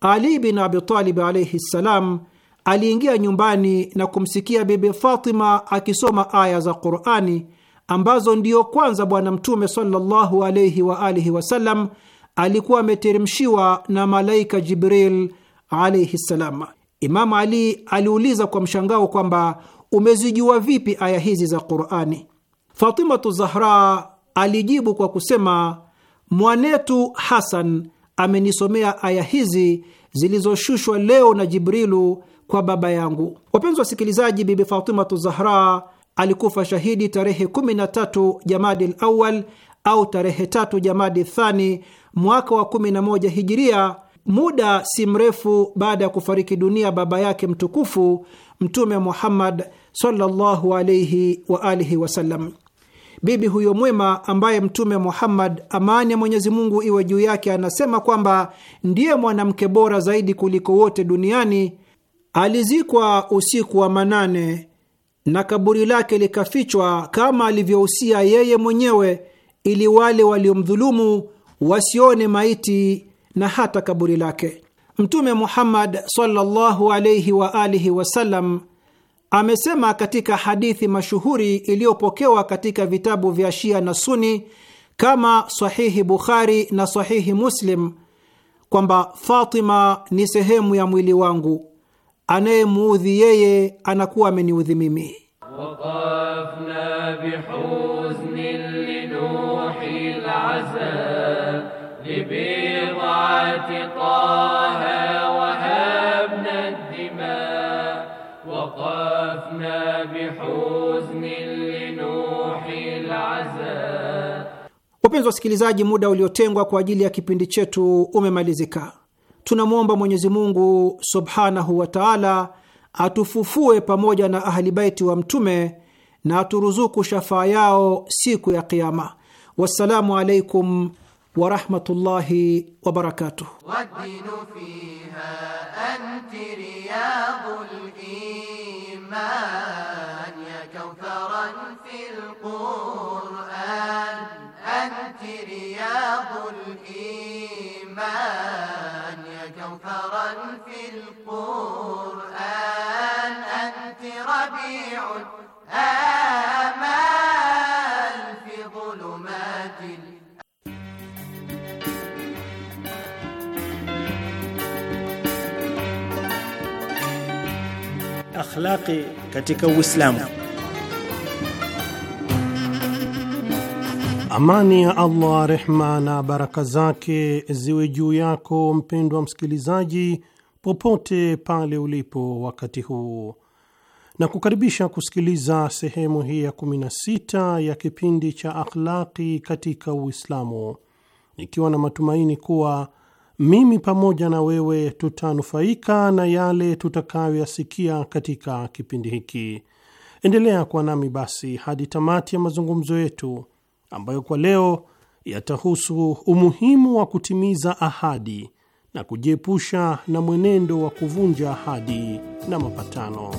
Ali bin Abitalib alaihi ssalam aliingia nyumbani na kumsikia Bibi Fatima akisoma aya za Qur'ani ambazo ndiyo kwanza Bwana Mtume sallallahu alaihi wa alihi wasallam alikuwa ameteremshiwa na malaika Jibril alaihi ssalam. Imamu Ali aliuliza kwa mshangao kwamba umezijua vipi aya hizi za Qurani? Fatimatu Zahra alijibu kwa kusema, mwanetu Hasan amenisomea aya hizi zilizoshushwa leo na Jibrilu kwa baba yangu. Wapenzi wasikilizaji, Bibi Fatimatu Zahra alikufa shahidi tarehe 13 Jamadil Awal au tarehe tatu Jamadi Thani mwaka wa 11 Hijiria, muda si mrefu baada ya kufariki dunia baba yake mtukufu Mtume Muhammad sallallahu alaihi wa alihi wasallam. Bibi huyo mwema ambaye Mtume Muhammad, amani ya Mwenyezi Mungu iwe juu yake, anasema kwamba ndiye mwanamke bora zaidi kuliko wote duniani, alizikwa usiku wa manane na kaburi lake likafichwa kama alivyohusia yeye mwenyewe, ili wale waliomdhulumu wasione maiti na hata kaburi lake. Mtume Muhammad sallallahu alayhi wa alihi wasallam amesema katika hadithi mashuhuri iliyopokewa katika vitabu vya Shia na Suni kama Sahihi Bukhari na Sahihi Muslim kwamba Fatima ni sehemu ya mwili wangu anayemuudhi yeye anakuwa ameniudhi mimi. Wapenzi wasikilizaji, muda uliotengwa kwa ajili ya kipindi chetu umemalizika tunamwomba Mwenyezi Mungu subhanahu wa taala atufufue pamoja na ahli baiti wa Mtume na aturuzuku shafaa yao siku ya Kiama. Wassalamu alaikum warahmatullahi wabarakatuh. الرحمن يا كوثرا في القرآن أنت رياض الإيمان يا كوثرا في القرآن أنت ربيع الآمان akhlaqi katika Uislamu. Amani ya Allah, rehma na baraka zake ziwe juu yako mpendwa msikilizaji, popote pale ulipo wakati huu, na kukaribisha kusikiliza sehemu hii ya 16 ya kipindi cha akhlaqi katika Uislamu, ikiwa na matumaini kuwa mimi pamoja na wewe tutanufaika na yale tutakayoyasikia katika kipindi hiki. Endelea kuwa nami basi hadi tamati ya mazungumzo yetu ambayo kwa leo yatahusu umuhimu wa kutimiza ahadi na kujiepusha na mwenendo wa kuvunja ahadi na mapatano.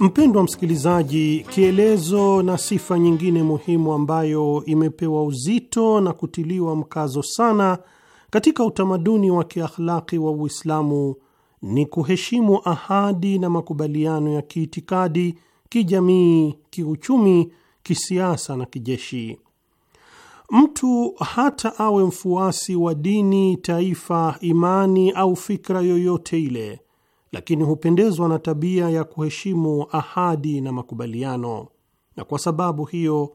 Mpendwa msikilizaji, kielezo na sifa nyingine muhimu ambayo imepewa uzito na kutiliwa mkazo sana katika utamaduni wa kiakhlaki wa Uislamu ni kuheshimu ahadi na makubaliano ya kiitikadi, kijamii, kiuchumi, kisiasa na kijeshi. Mtu hata awe mfuasi wa dini, taifa, imani au fikra yoyote ile lakini hupendezwa na tabia ya kuheshimu ahadi na makubaliano, na kwa sababu hiyo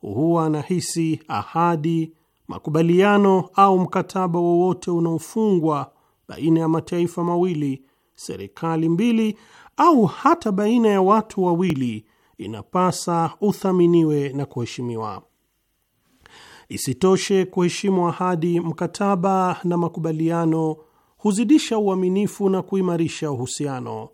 huwa anahisi ahadi, makubaliano au mkataba wowote unaofungwa baina ya mataifa mawili, serikali mbili, au hata baina ya watu wawili inapasa uthaminiwe na kuheshimiwa. Isitoshe, kuheshimu ahadi, mkataba na makubaliano huzidisha uaminifu na kuimarisha uhusiano,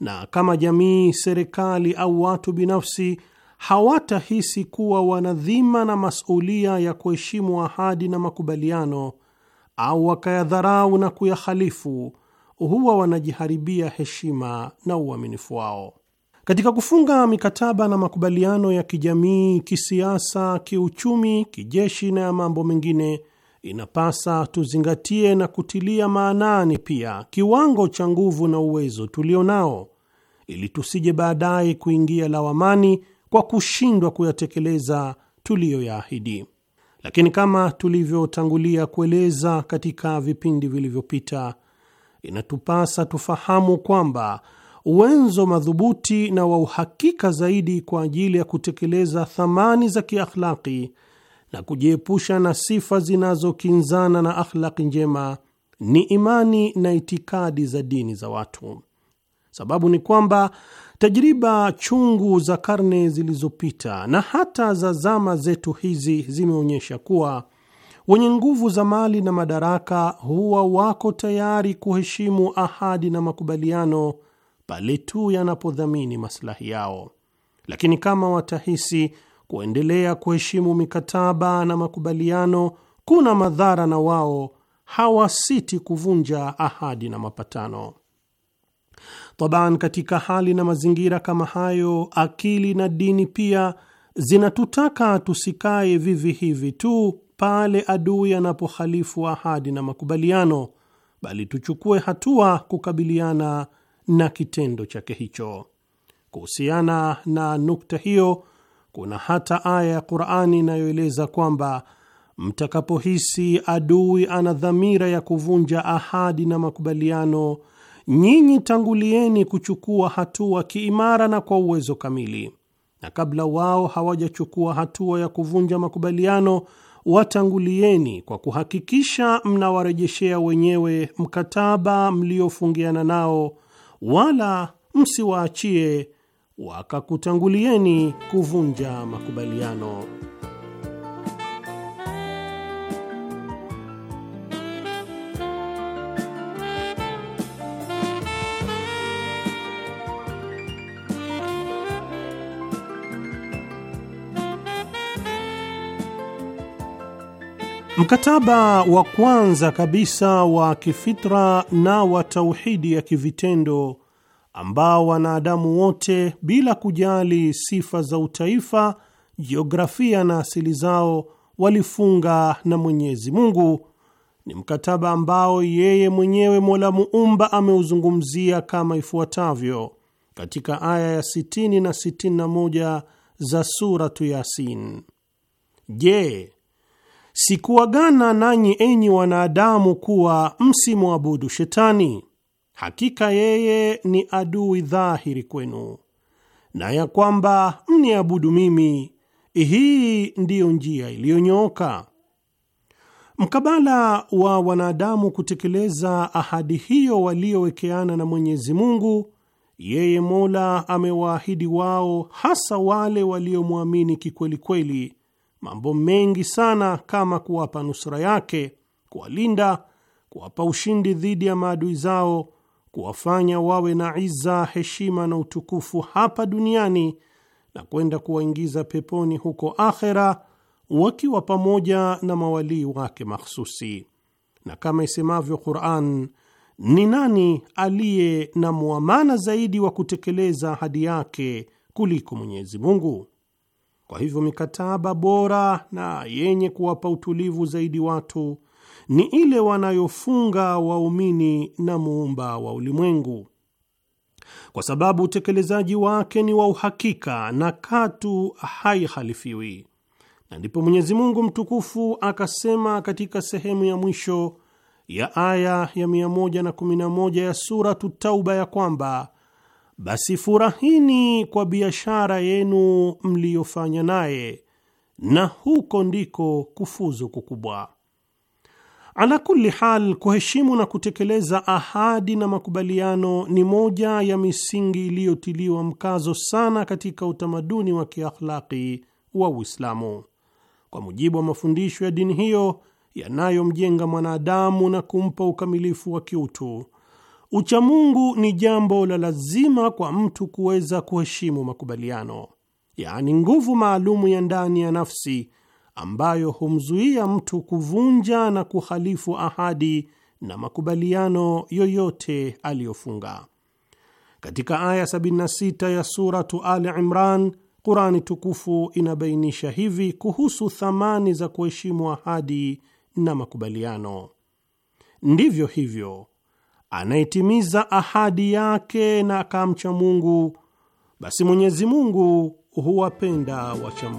na kama jamii, serikali au watu binafsi hawatahisi kuwa wana dhima na masulia ya kuheshimu ahadi na makubaliano au wakayadharau na kuyahalifu, huwa wanajiharibia heshima na uaminifu wao. Katika kufunga mikataba na makubaliano ya kijamii, kisiasa, kiuchumi, kijeshi na ya mambo mengine, inapasa tuzingatie na kutilia maanani pia kiwango cha nguvu na uwezo tulio nao, ili tusije baadaye kuingia lawamani kwa kushindwa kuyatekeleza tuliyoyaahidi. Lakini kama tulivyotangulia kueleza katika vipindi vilivyopita, inatupasa tufahamu kwamba uwenzo madhubuti na wa uhakika zaidi kwa ajili ya kutekeleza thamani za kiakhlaki na kujiepusha na sifa zinazokinzana na akhlaki njema ni imani na itikadi za dini za watu. Sababu ni kwamba tajriba chungu za karne zilizopita na hata za zama zetu hizi zimeonyesha kuwa wenye nguvu za mali na madaraka huwa wako tayari kuheshimu ahadi na makubaliano pale tu yanapodhamini maslahi yao, lakini kama watahisi kuendelea kuheshimu mikataba na makubaliano kuna madhara, na wao hawasiti kuvunja ahadi na mapatano. Taban, katika hali na mazingira kama hayo, akili na dini pia zinatutaka tusikae vivi hivi tu pale adui anapohalifu ahadi na makubaliano, bali tuchukue hatua kukabiliana na kitendo chake hicho. Kuhusiana na nukta hiyo kuna hata aya ya Qur'ani inayoeleza kwamba mtakapohisi adui ana dhamira ya kuvunja ahadi na makubaliano, nyinyi tangulieni kuchukua hatua kiimara na kwa uwezo kamili, na kabla wao hawajachukua hatua ya kuvunja makubaliano, watangulieni kwa kuhakikisha mnawarejeshea wenyewe mkataba mliofungiana nao, wala msiwaachie wakakutangulieni kuvunja makubaliano. Mkataba wa kwanza kabisa wa kifitra na wa tauhidi ya kivitendo ambao wanadamu wote bila kujali sifa za utaifa, jiografia na asili zao walifunga na Mwenyezi Mungu ni mkataba ambao yeye mwenyewe Mola Muumba ameuzungumzia kama ifuatavyo katika aya ya 60 na 61 za Suratu Yasin: Je, sikuwagana nanyi enyi wanadamu kuwa msimwabudu shetani hakika yeye ni adui dhahiri kwenu, na ya kwamba mniabudu mimi, hii ndiyo njia iliyonyooka. Mkabala wa wanadamu kutekeleza ahadi hiyo waliowekeana na Mwenyezi Mungu, yeye Mola amewaahidi wao, hasa wale waliomwamini kikwelikweli, mambo mengi sana kama kuwapa nusura yake, kuwalinda, kuwapa ushindi dhidi ya maadui zao kuwafanya wawe na iza, heshima na utukufu hapa duniani na kwenda kuwaingiza peponi huko akhera wakiwa pamoja na mawalii wake makhsusi Na kama isemavyo Qur'an, ni nani aliye na mwamana zaidi wa kutekeleza ahadi yake kuliko Mwenyezi Mungu? Kwa hivyo mikataba bora na yenye kuwapa utulivu zaidi watu ni ile wanayofunga waumini na muumba wa ulimwengu, kwa sababu utekelezaji wake ni wa uhakika na katu haihalifiwi. Na ndipo Mwenyezi Mungu mtukufu akasema katika sehemu ya mwisho ya aya ya 111 ya Suratu Tauba ya kwamba basi furahini kwa biashara yenu mliyofanya naye, na huko ndiko kufuzu kukubwa. Ala kulli hal, kuheshimu na kutekeleza ahadi na makubaliano ni moja ya misingi iliyotiliwa mkazo sana katika utamaduni wa kiakhlaki wa Uislamu. Kwa mujibu wa mafundisho ya dini hiyo yanayomjenga mwanadamu na kumpa ukamilifu wa kiutu, uchamungu ni jambo la lazima kwa mtu kuweza kuheshimu makubaliano, yaani nguvu maalumu ya ndani ya nafsi ambayo humzuia mtu kuvunja na kuhalifu ahadi na makubaliano yoyote aliyofunga. Katika aya 76 ya Suratu al Imran, Qurani tukufu inabainisha hivi kuhusu thamani za kuheshimu ahadi na makubaliano: ndivyo hivyo, anayetimiza ahadi yake na akamcha Mungu, basi Mwenyezi Mungu huwapenda wacha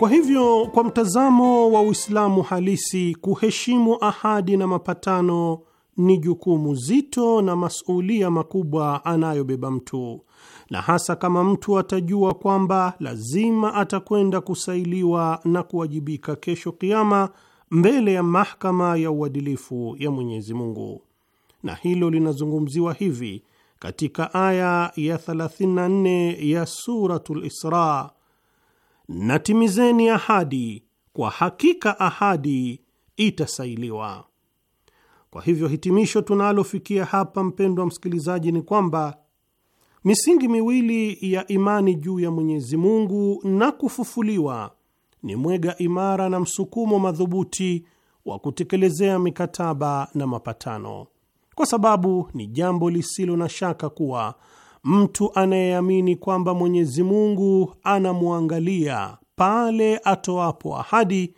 Kwa hivyo, kwa mtazamo wa Uislamu halisi, kuheshimu ahadi na mapatano ni jukumu zito na masulia makubwa anayobeba mtu, na hasa kama mtu atajua kwamba lazima atakwenda kusailiwa na kuwajibika kesho kiama mbele ya mahakama ya uadilifu ya Mwenyezi Mungu. Na hilo linazungumziwa hivi katika aya ya 34 ya Suratul Isra na timizeni ahadi, kwa hakika ahadi itasailiwa. Kwa hivyo hitimisho tunalofikia hapa, mpendwa msikilizaji, ni kwamba misingi miwili ya imani juu ya Mwenyezi Mungu na kufufuliwa ni mwega imara na msukumo madhubuti wa kutekelezea mikataba na mapatano, kwa sababu ni jambo lisilo na shaka kuwa mtu anayeamini kwamba Mwenyezi Mungu anamwangalia pale atoapo ahadi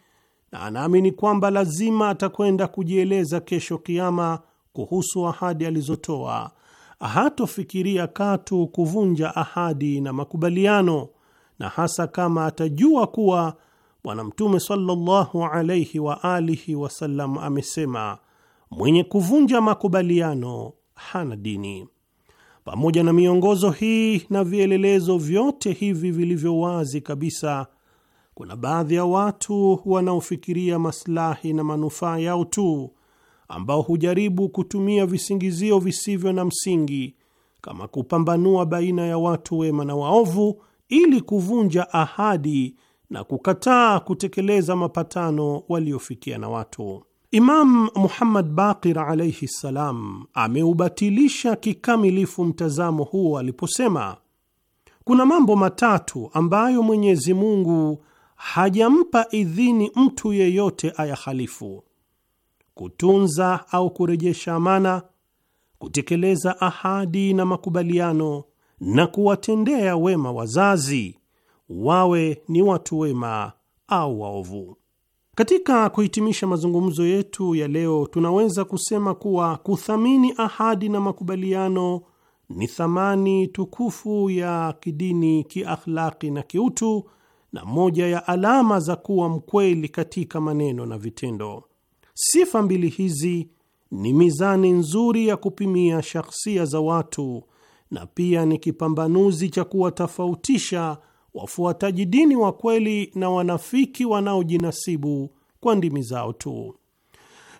na anaamini kwamba lazima atakwenda kujieleza kesho kiama kuhusu ahadi alizotoa, hatofikiria katu kuvunja ahadi na makubaliano, na hasa kama atajua kuwa Bwana Mtume sallallahu alaihi wa alihi wasallam amesema, mwenye kuvunja makubaliano hana dini. Pamoja na miongozo hii na vielelezo vyote hivi vilivyo wazi kabisa, kuna baadhi ya watu wanaofikiria maslahi na manufaa yao tu, ambao hujaribu kutumia visingizio visivyo na msingi kama kupambanua baina ya watu wema na waovu ili kuvunja ahadi na kukataa kutekeleza mapatano waliofikia na watu. Imam Muhammad Baqir alaihi ssalam ameubatilisha kikamilifu mtazamo huo aliposema, kuna mambo matatu ambayo Mwenyezi Mungu hajampa idhini mtu yeyote ayahalifu: kutunza au kurejesha amana, kutekeleza ahadi na makubaliano, na kuwatendea wema wazazi, wawe ni watu wema au waovu. Katika kuhitimisha mazungumzo yetu ya leo, tunaweza kusema kuwa kuthamini ahadi na makubaliano ni thamani tukufu ya kidini, kiakhlaki na kiutu, na moja ya alama za kuwa mkweli katika maneno na vitendo. Sifa mbili hizi ni mizani nzuri ya kupimia shakhsia za watu na pia ni kipambanuzi cha kuwatofautisha wafuataji dini wa kweli na wanafiki wanaojinasibu kwa ndimi zao tu.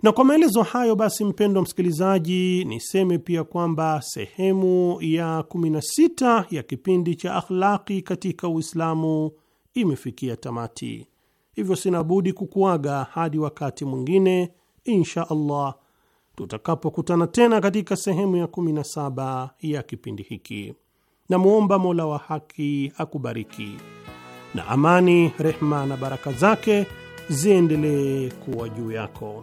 Na kwa maelezo hayo basi, mpendwa msikilizaji, niseme pia kwamba sehemu ya 16 ya kipindi cha akhlaki katika Uislamu imefikia tamati, hivyo sina budi kukuaga hadi wakati mwingine insha Allah tutakapokutana tena katika sehemu ya 17 ya kipindi hiki. Namwomba Mola wa haki akubariki, na amani, rehma na baraka zake ziendelee kuwa juu yako.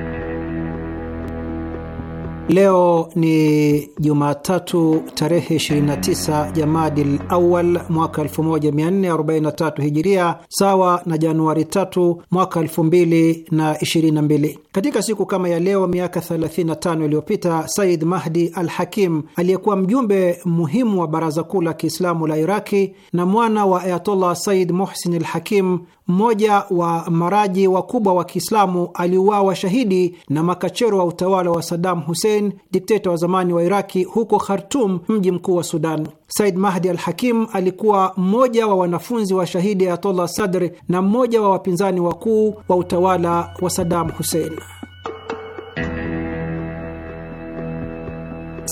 Leo ni Jumatatu tarehe 29 Jamadil Awal mwaka 1443 Hijiria, sawa na Januari 3 mwaka 2022. Katika siku kama ya leo miaka 35 iliyopita, Said Mahdi al Hakim aliyekuwa mjumbe muhimu wa Baraza Kuu la Kiislamu la Iraki na mwana wa Ayatollah Said Mohsin al Hakim, mmoja wa maraji wakubwa wa Kiislamu, aliuawa shahidi na makachero wa utawala wa Saddam Hussein Hussein, dikteta wa zamani wa Iraki, huko Khartum, mji mkuu wa Sudan. Said Mahdi al Hakim alikuwa mmoja wa wanafunzi wa shahidi Ayatollah Sadri na mmoja wa wapinzani wakuu wa utawala wa Sadam Hussein.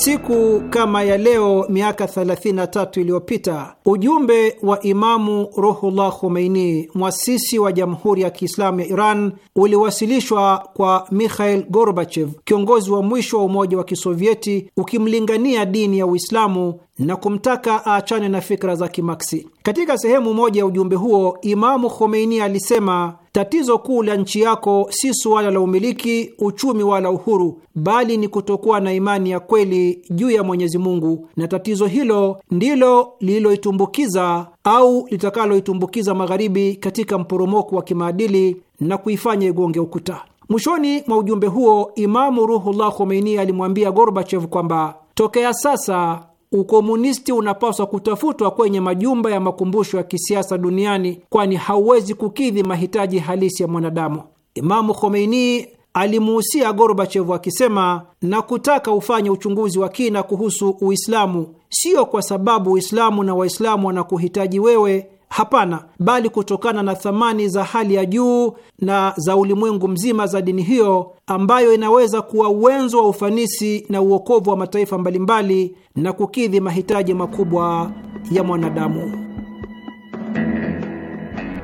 Siku kama ya leo miaka 33 iliyopita ujumbe wa Imamu Ruhullah Khomeini, mwasisi wa Jamhuri ya Kiislamu ya Iran, uliwasilishwa kwa Mikhail Gorbachev, kiongozi wa mwisho wa Umoja wa Kisovieti, ukimlingania dini ya Uislamu na kumtaka aachane na fikra za Kimaksi. Katika sehemu moja ya ujumbe huo, Imamu Khomeini alisema Tatizo kuu la nchi yako si suala la umiliki, uchumi wala uhuru, bali ni kutokuwa na imani ya kweli juu ya Mwenyezi Mungu, na tatizo hilo ndilo lililoitumbukiza au litakaloitumbukiza Magharibi katika mporomoko wa kimaadili na kuifanya igonge ukuta. Mwishoni mwa ujumbe huo, Imamu Ruhullah Khomeini alimwambia Gorbachev kwamba tokea sasa ukomunisti unapaswa kutafutwa kwenye majumba ya makumbusho ya kisiasa duniani, kwani hauwezi kukidhi mahitaji halisi ya mwanadamu. Imamu Khomeini alimuhusia Gorbachev akisema, na kutaka ufanye uchunguzi wa kina kuhusu Uislamu, sio kwa sababu Uislamu na Waislamu wanakuhitaji wewe Hapana, bali kutokana na thamani za hali ya juu na za ulimwengu mzima za dini hiyo ambayo inaweza kuwa uwenzo wa ufanisi na uokovu wa mataifa mbalimbali na kukidhi mahitaji makubwa ya mwanadamu.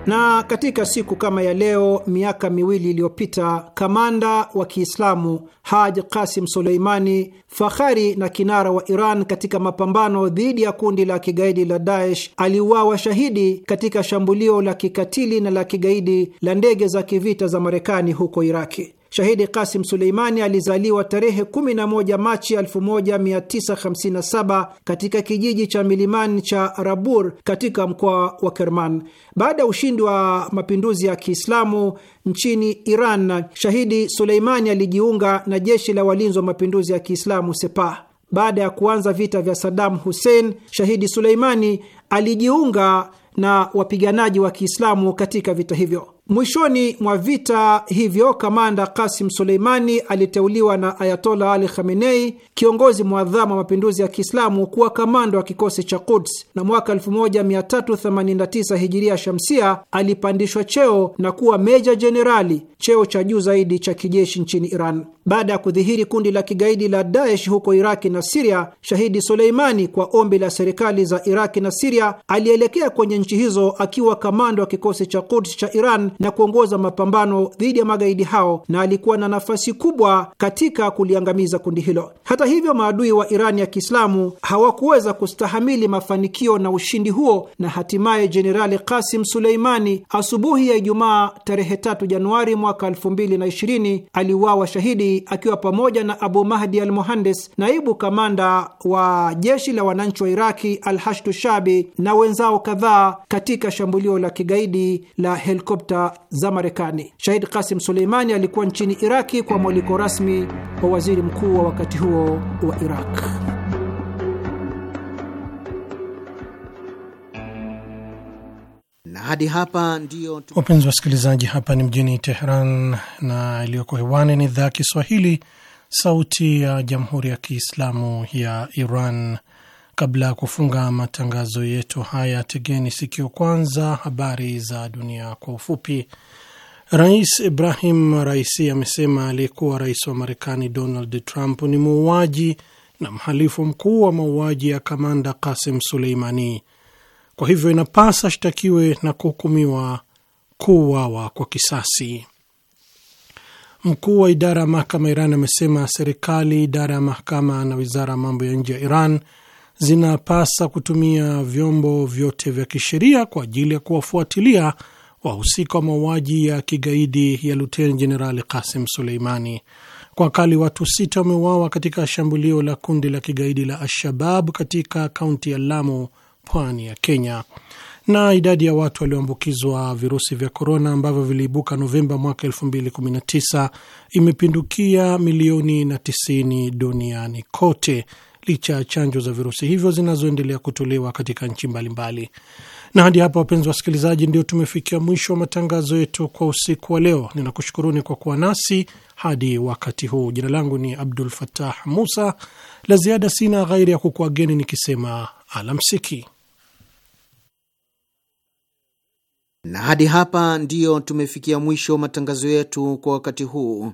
Na katika siku kama ya leo miaka miwili iliyopita, kamanda wa Kiislamu Haj Qasim Suleimani, fahari na kinara wa Iran katika mapambano dhidi ya kundi la kigaidi la Daesh, aliuawa shahidi katika shambulio la kikatili na la kigaidi la ndege za kivita za Marekani huko Iraki. Shahidi Kasim Suleimani alizaliwa tarehe 11 Machi 1957 katika kijiji cha milimani cha Rabur katika mkoa wa Kerman. Baada ya ushindi wa mapinduzi ya Kiislamu nchini Iran, Shahidi Suleimani alijiunga na jeshi la walinzi wa mapinduzi ya Kiislamu Sepah. Baada ya kuanza vita vya Saddam Hussein, Shahidi Suleimani alijiunga na wapiganaji wa Kiislamu katika vita hivyo. Mwishoni mwa vita hivyo, kamanda Kasim Suleimani aliteuliwa na Ayatola Ali Khamenei, kiongozi mwadhamu wa mapinduzi ya Kiislamu, kuwa kamanda wa kikosi cha Quds, na mwaka 1389 hijiria shamsia alipandishwa cheo na kuwa meja jenerali, cheo cha juu zaidi cha kijeshi nchini Iran. Baada ya kudhihiri kundi la kigaidi la Daesh huko Iraki na Siria, shahidi Suleimani, kwa ombi la serikali za Iraki na Siria, alielekea kwenye nchi hizo akiwa kamanda wa kikosi cha Quds cha Iran na kuongoza mapambano dhidi ya magaidi hao na alikuwa na nafasi kubwa katika kuliangamiza kundi hilo. Hata hivyo, maadui wa Irani ya Kiislamu hawakuweza kustahamili mafanikio na ushindi huo, na hatimaye Jenerali Kasim Suleimani asubuhi ya Ijumaa tarehe 3 Januari mwaka 2020 aliuawa shahidi akiwa pamoja na Abu Mahdi al Muhandes, naibu kamanda wa jeshi la wananchi wa Iraki al Hashdu Shabi na wenzao kadhaa katika shambulio la kigaidi la helikopta za Marekani. Shahid Kasim Suleimani alikuwa nchini Iraki kwa mwaliko rasmi wa waziri mkuu wa wakati huo wa Iraq. hadi hapa ndio wapenzi wasikilizaji, hapa ni mjini Teheran na iliyoko hewani ni idhaa ya Kiswahili, Sauti ya Jamhuri ya Kiislamu ya Iran. Kabla ya kufunga matangazo yetu haya, tegeni sikio kwanza habari za dunia kwa ufupi. Rais Ibrahim Raisi amesema aliyekuwa rais wa Marekani Donald Trump ni muuaji na mhalifu mkuu wa mauaji ya kamanda Kasim Suleimani, kwa hivyo inapasa shtakiwe na kuhukumiwa kuuawa kwa kisasi. Mkuu wa idara ya mahakama Iran amesema serikali, idara ya mahakama na wizara ya mambo ya nje ya Iran zinapasa kutumia vyombo vyote vya kisheria kwa ajili ya kuwafuatilia wahusika wa mauaji ya kigaidi ya Luteni Jenerali Kasim Suleimani. Kwa kali watu sita wameuawa katika shambulio la kundi la kigaidi la Alshabab katika kaunti ya Lamu, pwani ya Kenya. Na idadi ya watu walioambukizwa virusi vya korona ambavyo viliibuka Novemba mwaka 2019 imepindukia milioni na 90 duniani kote licha ya chanjo za virusi hivyo zinazoendelea kutolewa katika nchi mbalimbali. Na hadi hapa, wapenzi wasikilizaji, ndio tumefikia mwisho wa matangazo yetu kwa usiku wa leo. Ninakushukuruni kwa kuwa nasi hadi wakati huu. Jina langu ni Abdul Fatah Musa. La ziada sina ghairi ya kukuageni nikisema alamsiki. Na hadi hapa ndiyo tumefikia mwisho matangazo yetu kwa wakati huu.